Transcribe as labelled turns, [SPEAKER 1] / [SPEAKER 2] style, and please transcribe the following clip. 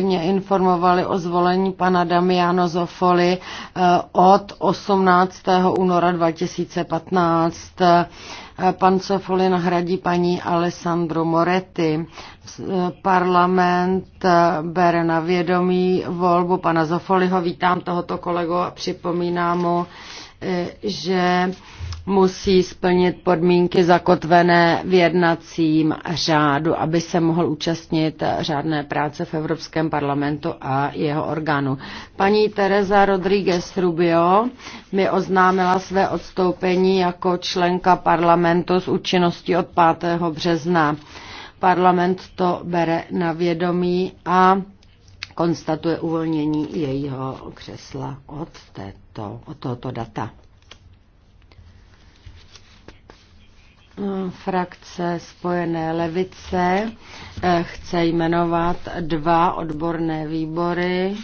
[SPEAKER 1] mě informovali o zvolení pana Damiano Zofoli eh, od 18. února 2015. Eh, pan Zofoli nahradí paní Alessandro Moretti. Eh, parlament bere na vědomí volbu pana Zofoliho. Vítám tohoto kolegu a připomínám mu, že musí splnit podmínky zakotvené v jednacím řádu, aby se mohl účastnit řádné práce v Evropském parlamentu a jeho orgánu. Paní Teresa Rodríguez Rubio mi oznámila své odstoupení jako členka parlamentu s účinností od 5. března. Parlament to bere na vědomí a konstatuje uvolnění jejího křesla od, této, od tohoto data. frakce Spojené levice eh, chce jmenovat dva odborné výbory